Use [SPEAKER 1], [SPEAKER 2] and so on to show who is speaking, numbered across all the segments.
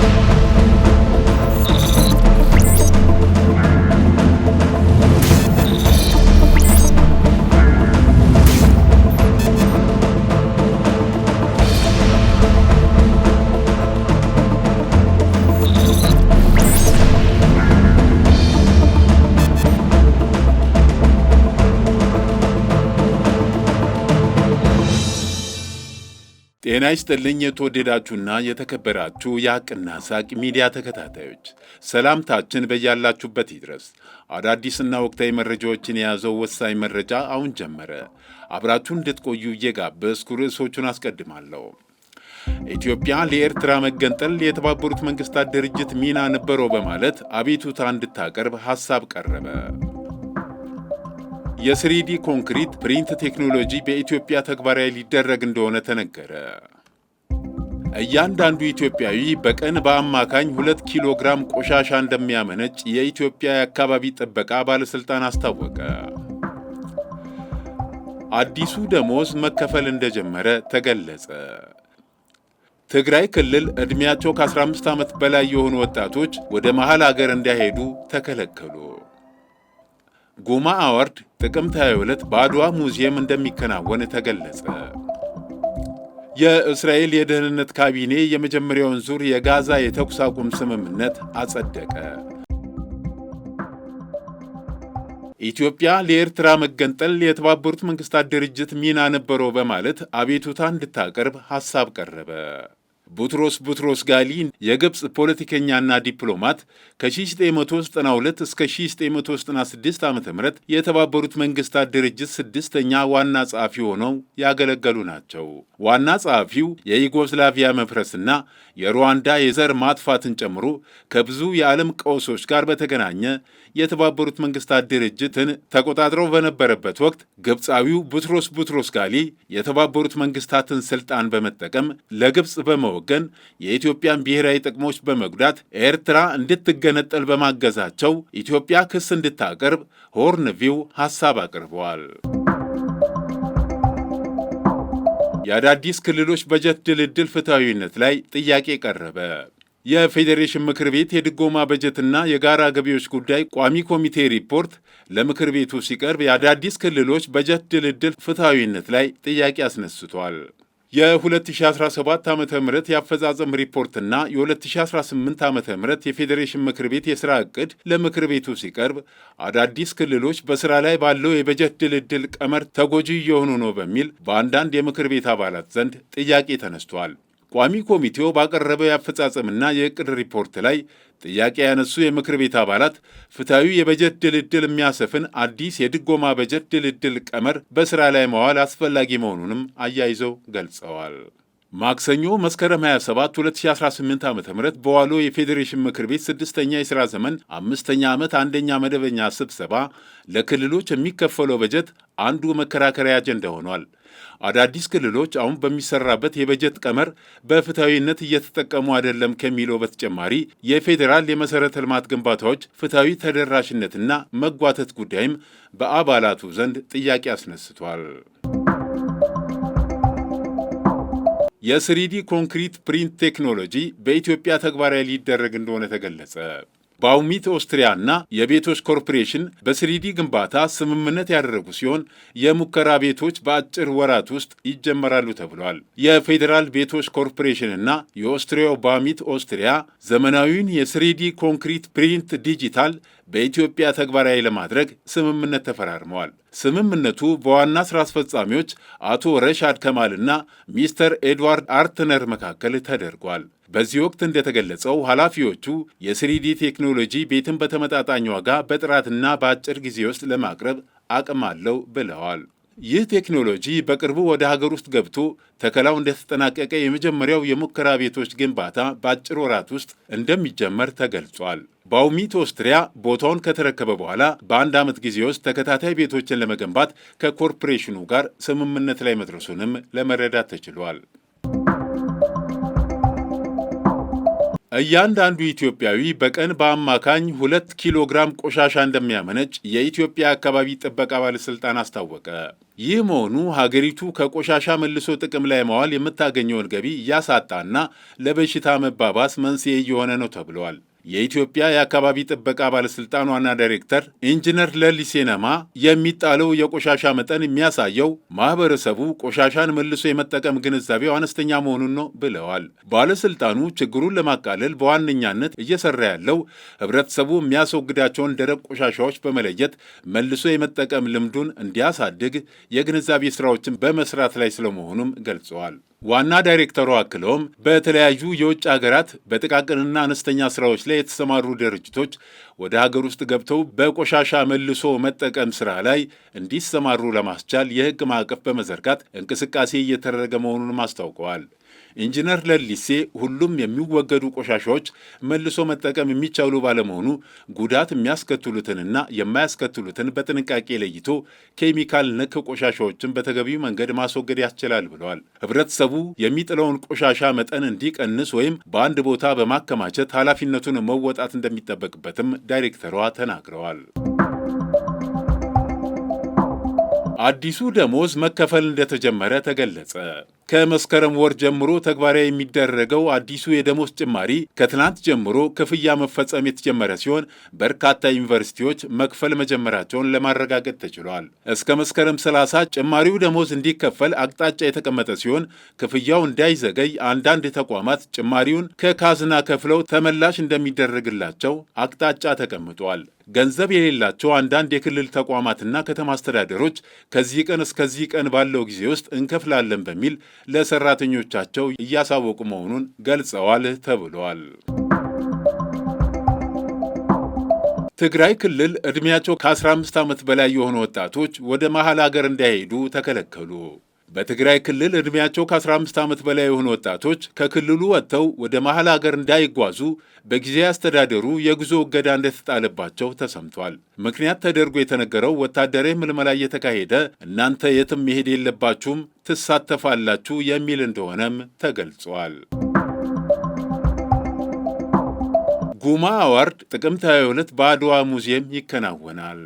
[SPEAKER 1] Thank you. ጤና ይስጥልኝ የተወደዳችሁና የተከበራችሁ የአቅና ሳቅ ሚዲያ ተከታታዮች ሰላምታችን በያላችሁበት ይድረስ። አዳዲስና ወቅታዊ መረጃዎችን የያዘው ወሳኝ መረጃ አሁን ጀመረ። አብራችሁ እንድትቆዩ እየጋበዝኩ ርዕሶቹን አስቀድማለሁ። ኢትዮጵያ ለኤርትራ መገንጠል የተባበሩት መንግሥታት ድርጅት ሚና ነበረው በማለት አቤቱታ እንድታቀርብ ሐሳብ ቀረበ። የስሪዲ ኮንክሪት ፕሪንት ቴክኖሎጂ በኢትዮጵያ ተግባራዊ ሊደረግ እንደሆነ ተነገረ። እያንዳንዱ ኢትዮጵያዊ በቀን በአማካኝ ሁለት ኪሎ ግራም ቆሻሻ እንደሚያመነጭ የኢትዮጵያ የአካባቢ ጥበቃ ባለሥልጣን አስታወቀ። አዲሱ ደሞዝ መከፈል እንደጀመረ ተገለጸ። ትግራይ ክልል ዕድሜያቸው ከ15 ዓመት በላይ የሆኑ ወጣቶች ወደ መሃል አገር እንዳይሄዱ ተከለከሉ። ጎማ አዋርድ ጥቅምት 22 በአድዋ ሙዚየም እንደሚከናወን ተገለጸ። የእስራኤል የደህንነት ካቢኔ የመጀመሪያውን ዙር የጋዛ የተኩስ አቁም ስምምነት አጸደቀ። ኢትዮጵያ ለኤርትራ መገንጠል የተባበሩት መንግስታት ድርጅት ሚና ነበረው በማለት አቤቱታ እንድታቀርብ ሐሳብ ቀረበ። ቡትሮስ ቡትሮስ ጋሊ የግብፅ ፖለቲከኛና ዲፕሎማት ከ1992 እስከ 1996 ዓ ም የተባበሩት መንግስታት ድርጅት ስድስተኛ ዋና ጸሐፊ ሆነው ያገለገሉ ናቸው። ዋና ጸሐፊው የዩጎስላቪያ መፍረስና የሩዋንዳ የዘር ማጥፋትን ጨምሮ ከብዙ የዓለም ቀውሶች ጋር በተገናኘ የተባበሩት መንግስታት ድርጅትን ተቆጣጥረው በነበረበት ወቅት ግብፃዊው ቡትሮስ ቡትሮስ ጋሊ የተባበሩት መንግስታትን ስልጣን በመጠቀም ለግብፅ በመ ወገን የኢትዮጵያን ብሔራዊ ጥቅሞች በመጉዳት ኤርትራ እንድትገነጠል በማገዛቸው ኢትዮጵያ ክስ እንድታቀርብ ሆርንቪው ሐሳብ አቅርበዋል። የአዳዲስ ክልሎች በጀት ድልድል ፍትሐዊነት ላይ ጥያቄ ቀረበ። የፌዴሬሽን ምክር ቤት የድጎማ በጀትና የጋራ ገቢዎች ጉዳይ ቋሚ ኮሚቴ ሪፖርት ለምክር ቤቱ ሲቀርብ የአዳዲስ ክልሎች በጀት ድልድል ፍትሐዊነት ላይ ጥያቄ አስነስቷል። የ2017 ዓ ም የአፈጻጸም ሪፖርትና የ2018 ዓ ም የፌዴሬሽን ምክር ቤት የሥራ ዕቅድ ለምክር ቤቱ ሲቀርብ አዳዲስ ክልሎች በሥራ ላይ ባለው የበጀት ድልድል ቀመር ተጎጂ እየሆኑ ነው በሚል በአንዳንድ የምክር ቤት አባላት ዘንድ ጥያቄ ተነስቷል። ቋሚ ኮሚቴው ባቀረበው የአፈጻጸምና የእቅድ ሪፖርት ላይ ጥያቄ ያነሱ የምክር ቤት አባላት ፍትሐዊ የበጀት ድልድል የሚያሰፍን አዲስ የድጎማ በጀት ድልድል ቀመር በሥራ ላይ መዋል አስፈላጊ መሆኑንም አያይዘው ገልጸዋል። ማክሰኞ መስከረም 27 2018 ዓ ም በዋሎ የፌዴሬሽን ምክር ቤት ስድስተኛ የሥራ ዘመን አምስተኛ ዓመት አንደኛ መደበኛ ስብሰባ ለክልሎች የሚከፈለው በጀት አንዱ መከራከሪያ አጀንዳ ሆኗል። አዳዲስ ክልሎች አሁን በሚሰራበት የበጀት ቀመር በፍትሐዊነት እየተጠቀሙ አይደለም ከሚለው በተጨማሪ የፌዴራል የመሠረተ ልማት ግንባታዎች ፍትሐዊ ተደራሽነትና መጓተት ጉዳይም በአባላቱ ዘንድ ጥያቄ አስነስቷል። የስሪዲ ኮንክሪት ፕሪንት ቴክኖሎጂ በኢትዮጵያ ተግባራዊ ሊደረግ እንደሆነ ተገለጸ። ባውሚት ኦስትሪያ የቤቶች ኮርፖሬሽን በስሪዲ ግንባታ ስምምነት ያደረጉ ሲሆን የሙከራ ቤቶች በአጭር ወራት ውስጥ ይጀመራሉ ተብሏል። የፌዴራል ቤቶች ኮርፖሬሽን የኦስትሪያው ባውሚት ኦስትሪያ ዘመናዊውን የስሪዲ ኮንክሪት ፕሪንት ዲጂታል በኢትዮጵያ ተግባራዊ ለማድረግ ስምምነት ተፈራርመዋል። ስምምነቱ በዋና ሥራ አስፈጻሚዎች አቶ ረሻድ ከማልና ሚስተር ኤድዋርድ አርትነር መካከል ተደርጓል። በዚህ ወቅት እንደተገለጸው ኃላፊዎቹ የስሪዲ ቴክኖሎጂ ቤትን በተመጣጣኝ ዋጋ በጥራትና በአጭር ጊዜ ውስጥ ለማቅረብ አቅም አለው ብለዋል። ይህ ቴክኖሎጂ በቅርቡ ወደ ሀገር ውስጥ ገብቶ ተከላው እንደተጠናቀቀ የመጀመሪያው የሙከራ ቤቶች ግንባታ በአጭር ወራት ውስጥ እንደሚጀመር ተገልጿል። ባውሚት ኦስትሪያ ቦታውን ከተረከበ በኋላ በአንድ ዓመት ጊዜ ውስጥ ተከታታይ ቤቶችን ለመገንባት ከኮርፖሬሽኑ ጋር ስምምነት ላይ መድረሱንም ለመረዳት ተችሏል። እያንዳንዱ ኢትዮጵያዊ በቀን በአማካኝ ሁለት ኪሎ ግራም ቆሻሻ እንደሚያመነጭ የኢትዮጵያ አካባቢ ጥበቃ ባለሥልጣን አስታወቀ። ይህ መሆኑ ሀገሪቱ ከቆሻሻ መልሶ ጥቅም ላይ መዋል የምታገኘውን ገቢ እያሳጣና ለበሽታ መባባስ መንስኤ እየሆነ ነው ተብሏል። የኢትዮጵያ የአካባቢ ጥበቃ ባለስልጣን ዋና ዳይሬክተር ኢንጂነር ለሊ ሴነማ የሚጣለው የቆሻሻ መጠን የሚያሳየው ማህበረሰቡ ቆሻሻን መልሶ የመጠቀም ግንዛቤው አነስተኛ መሆኑን ነው ብለዋል። ባለስልጣኑ ችግሩን ለማቃለል በዋነኛነት እየሰራ ያለው ህብረተሰቡ የሚያስወግዳቸውን ደረቅ ቆሻሻዎች በመለየት መልሶ የመጠቀም ልምዱን እንዲያሳድግ የግንዛቤ ስራዎችን በመስራት ላይ ስለመሆኑም ገልጸዋል። ዋና ዳይሬክተሩ አክለውም በተለያዩ የውጭ ሀገራት በጥቃቅንና አነስተኛ ስራዎች ላይ የተሰማሩ ድርጅቶች ወደ ሀገር ውስጥ ገብተው በቆሻሻ መልሶ መጠቀም ስራ ላይ እንዲሰማሩ ለማስቻል የህግ ማዕቀፍ በመዘርጋት እንቅስቃሴ እየተደረገ መሆኑንም አስታውቀዋል። ኢንጂነር ለሊሴ ሁሉም የሚወገዱ ቆሻሻዎች መልሶ መጠቀም የሚቻሉ ባለመሆኑ ጉዳት የሚያስከትሉትንና የማያስከትሉትን በጥንቃቄ ለይቶ ኬሚካል ነክ ቆሻሻዎችን በተገቢው መንገድ ማስወገድ ያስችላል ብለዋል። ህብረተሰቡ የሚጥለውን ቆሻሻ መጠን እንዲቀንስ ወይም በአንድ ቦታ በማከማቸት ኃላፊነቱን መወጣት እንደሚጠበቅበትም ዳይሬክተሯ ተናግረዋል። አዲሱ ደሞዝ መከፈል እንደተጀመረ ተገለጸ። ከመስከረም ወር ጀምሮ ተግባራዊ የሚደረገው አዲሱ የደሞዝ ጭማሪ ከትናንት ጀምሮ ክፍያ መፈጸም የተጀመረ ሲሆን በርካታ ዩኒቨርሲቲዎች መክፈል መጀመራቸውን ለማረጋገጥ ተችሏል። እስከ መስከረም 30 ጭማሪው ደሞዝ እንዲከፈል አቅጣጫ የተቀመጠ ሲሆን ክፍያው እንዳይዘገይ አንዳንድ ተቋማት ጭማሪውን ከካዝና ከፍለው ተመላሽ እንደሚደረግላቸው አቅጣጫ ተቀምጧል። ገንዘብ የሌላቸው አንዳንድ የክልል ተቋማትና ከተማ አስተዳደሮች ከዚህ ቀን እስከዚህ ቀን ባለው ጊዜ ውስጥ እንከፍላለን በሚል ለሰራተኞቻቸው እያሳወቁ መሆኑን ገልጸዋል ተብሏል። ትግራይ ክልል ዕድሜያቸው ከ15 ዓመት በላይ የሆኑ ወጣቶች ወደ መሐል አገር እንዳይሄዱ ተከለከሉ። በትግራይ ክልል ዕድሜያቸው ከ15 ዓመት በላይ የሆኑ ወጣቶች ከክልሉ ወጥተው ወደ መሐል አገር እንዳይጓዙ በጊዜ አስተዳደሩ የጉዞ እገዳ እንደተጣለባቸው ተሰምቷል። ምክንያት ተደርጎ የተነገረው ወታደራዊ ምልመላ እየተካሄደ እናንተ የትም መሄድ የለባችሁም፣ ትሳተፋላችሁ የሚል እንደሆነም ተገልጿል። ጉማ አዋርድ ጥቅምት 22 በአድዋ ሙዚየም ይከናወናል።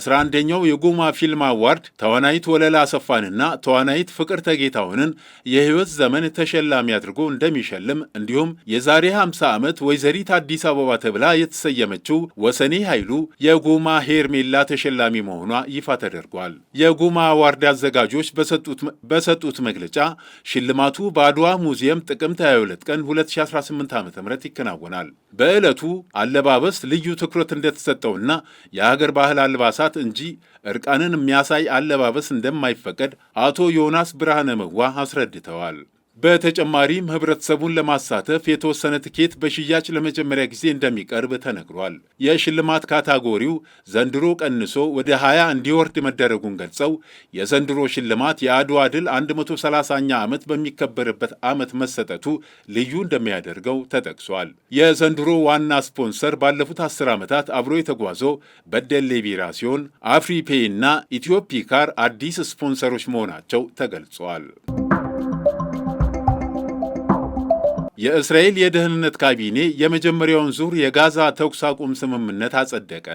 [SPEAKER 1] 11ኛው የጎማ ፊልም አዋርድ ተዋናይት ወለላ አሰፋንና ተዋናይት ፍቅር ተጌታውንን የሕይወት ዘመን ተሸላሚ አድርጎ እንደሚሸልም እንዲሁም የዛሬ 50 ዓመት ወይዘሪት አዲስ አበባ ተብላ የተሰየመችው ወሰኔ ኃይሉ የጎማ ሄርሜላ ተሸላሚ መሆኗ ይፋ ተደርጓል። የጉማ አዋርድ አዘጋጆች በሰጡት መግለጫ ሽልማቱ በአድዋ ሙዚየም ጥቅምት 22 ቀን 2018 ዓ ም ይከናወናል። በዕለቱ አለባበስ ልዩ ትኩረት እንደተሰጠውና የሀገር ባህል አልባሳ መነሳት እንጂ እርቃንን የሚያሳይ አለባበስ እንደማይፈቀድ አቶ ዮናስ ብርሃነ መዋ አስረድተዋል። በተጨማሪም ህብረተሰቡን ለማሳተፍ የተወሰነ ትኬት በሽያጭ ለመጀመሪያ ጊዜ እንደሚቀርብ ተነግሯል። የሽልማት ካታጎሪው ዘንድሮ ቀንሶ ወደ 20 እንዲወርድ መደረጉን ገልጸው የዘንድሮ ሽልማት የአድዋ ድል 130ኛ ዓመት በሚከበርበት ዓመት መሰጠቱ ልዩ እንደሚያደርገው ተጠቅሷል። የዘንድሮ ዋና ስፖንሰር ባለፉት 10 ዓመታት አብሮ የተጓዘው በደሌ ቢራ ሲሆን እና ኢትዮፒካር አዲስ ስፖንሰሮች መሆናቸው ተገልጿል። የእስራኤል የደህንነት ካቢኔ የመጀመሪያውን ዙር የጋዛ ተኩስ አቁም ስምምነት አጸደቀ።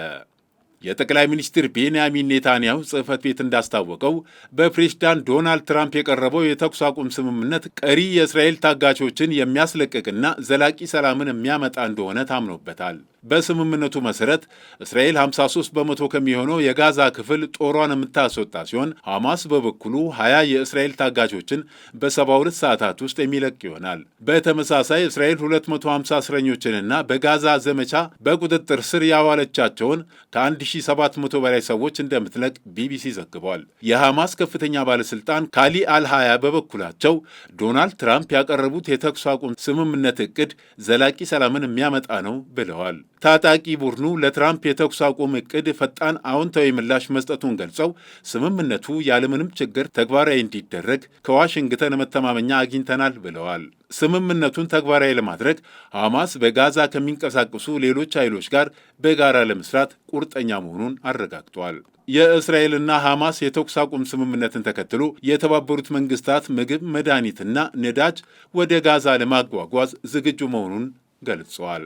[SPEAKER 1] የጠቅላይ ሚኒስትር ቤንያሚን ኔታንያሁ ጽህፈት ቤት እንዳስታወቀው በፕሬዝዳንት ዶናልድ ትራምፕ የቀረበው የተኩስ አቁም ስምምነት ቀሪ የእስራኤል ታጋቾችን የሚያስለቅቅና ዘላቂ ሰላምን የሚያመጣ እንደሆነ ታምኖበታል። በስምምነቱ መሰረት እስራኤል 53 በመቶ ከሚሆነው የጋዛ ክፍል ጦሯን የምታስወጣ ሲሆን ሐማስ በበኩሉ 20 የእስራኤል ታጋቾችን በ72 ሰዓታት ውስጥ የሚለቅ ይሆናል። በተመሳሳይ እስራኤል 250 እስረኞችንና በጋዛ ዘመቻ በቁጥጥር ስር ያዋለቻቸውን ከ1700 በላይ ሰዎች እንደምትለቅ ቢቢሲ ዘግቧል። የሐማስ ከፍተኛ ባለሥልጣን ካሊ አልሃያ በበኩላቸው ዶናልድ ትራምፕ ያቀረቡት የተኩስ አቁም ስምምነት ዕቅድ ዘላቂ ሰላምን የሚያመጣ ነው ብለዋል። ታጣቂ ቡድኑ ለትራምፕ የተኩስ አቁም እቅድ ፈጣን አዎንታዊ ምላሽ መስጠቱን ገልጸው ስምምነቱ ያለምንም ችግር ተግባራዊ እንዲደረግ ከዋሽንግተን መተማመኛ አግኝተናል ብለዋል። ስምምነቱን ተግባራዊ ለማድረግ ሐማስ በጋዛ ከሚንቀሳቀሱ ሌሎች ኃይሎች ጋር በጋራ ለመስራት ቁርጠኛ መሆኑን አረጋግጧል። የእስራኤልና ሐማስ የተኩስ አቁም ስምምነትን ተከትሎ የተባበሩት መንግስታት ምግብ፣ መድኃኒትና ነዳጅ ወደ ጋዛ ለማጓጓዝ ዝግጁ መሆኑን ገልጸዋል።